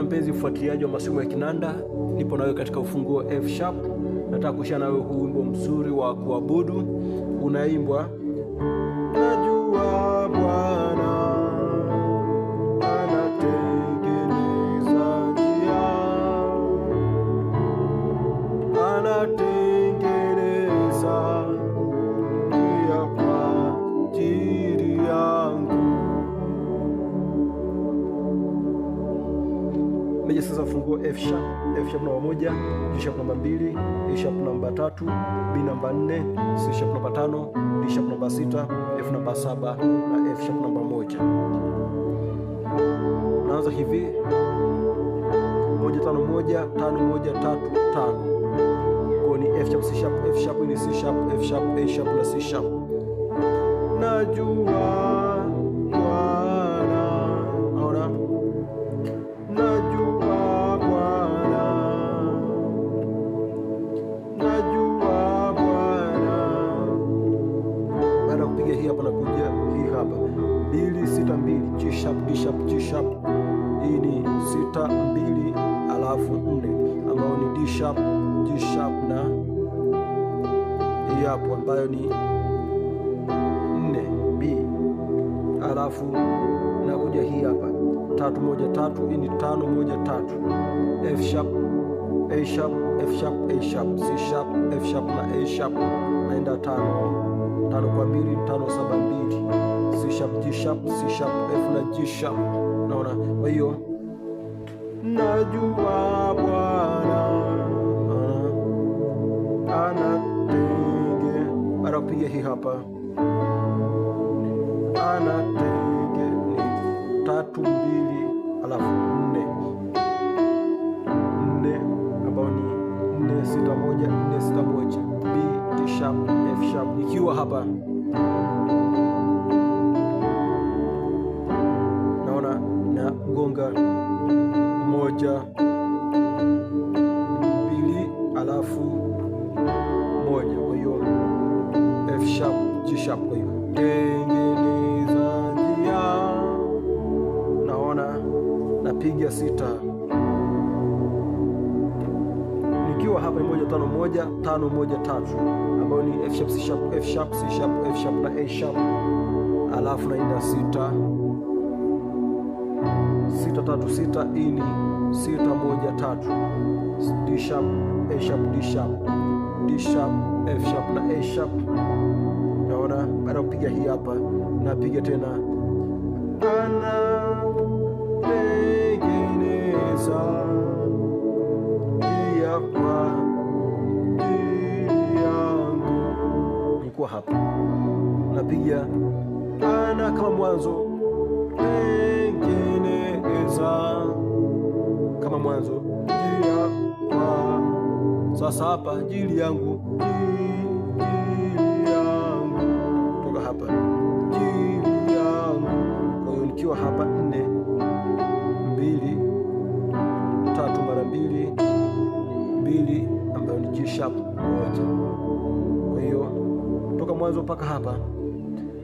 tena mpenzi mfuatiliaji wa masomo ya kinanda, nipo nawe katika ufunguo F sharp. Nataka kushia nawe huu wimbo mzuri wa kuabudu unaimbwa najua Bwana anatengeneza njia, anatengeneza Meja sasa ufunguo F sharp, F sharp namba moja, G sharp namba mbili, A e sharp namba tatu, B namba nne, C sharp namba tano, D sharp namba sita, F namba saba na F sharp namba moja. Naanza hivi moja tano moja tano moja tatu tano, kwa ni F sharp C sharp F sharp ni C sharp F sharp A sharp na C sharp. Najua napiga hii hapa na hii hapa mbili sita mbili G sharp D sharp G sharp. Hii ni sita mbili alafu nne ambayo ni D sharp G sharp na hii hapo ambayo ni nne B alafu nakuja hii hapa tatu moja tatu. Hii ni tano moja tatu F sharp A sharp F sharp A sharp C sharp F sharp na A sharp naenda tano tano kwa mbili tano saba mbili C sharp G sharp C sharp F na G sharp. Naona kwa hiyo najua Bwana anatege, pia hii hapa anatege ni tatu mbili alafu hapa, naona na gonga moja mbili, alafu moja, kwa hiyo F sharp G sharp, kwa hiyo tengeneza njia, naona napiga sita nikiwa hapa ni moja tano moja tano moja tatu ambayo ni F sharp, C sharp, F sharp, C sharp, F sharp na A sharp, alafu naenda sita sita tatu sita ini sita moja tatu D sharp, A sharp, D sharp, D sharp, F sharp na A sharp. Naona baada ya kupiga hii hapa napiga tena kuwa hapa. Napiga ana kama mwanzo, tengeneza kama mwanzo, njia sasa hapa, ajili yangu, ajili yangu, toka hapa, Kwa hapa, nne mbili tatu mara mbili mbili, ambayo ni G sharp moja mwanzo mpaka hapa.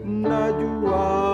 Najua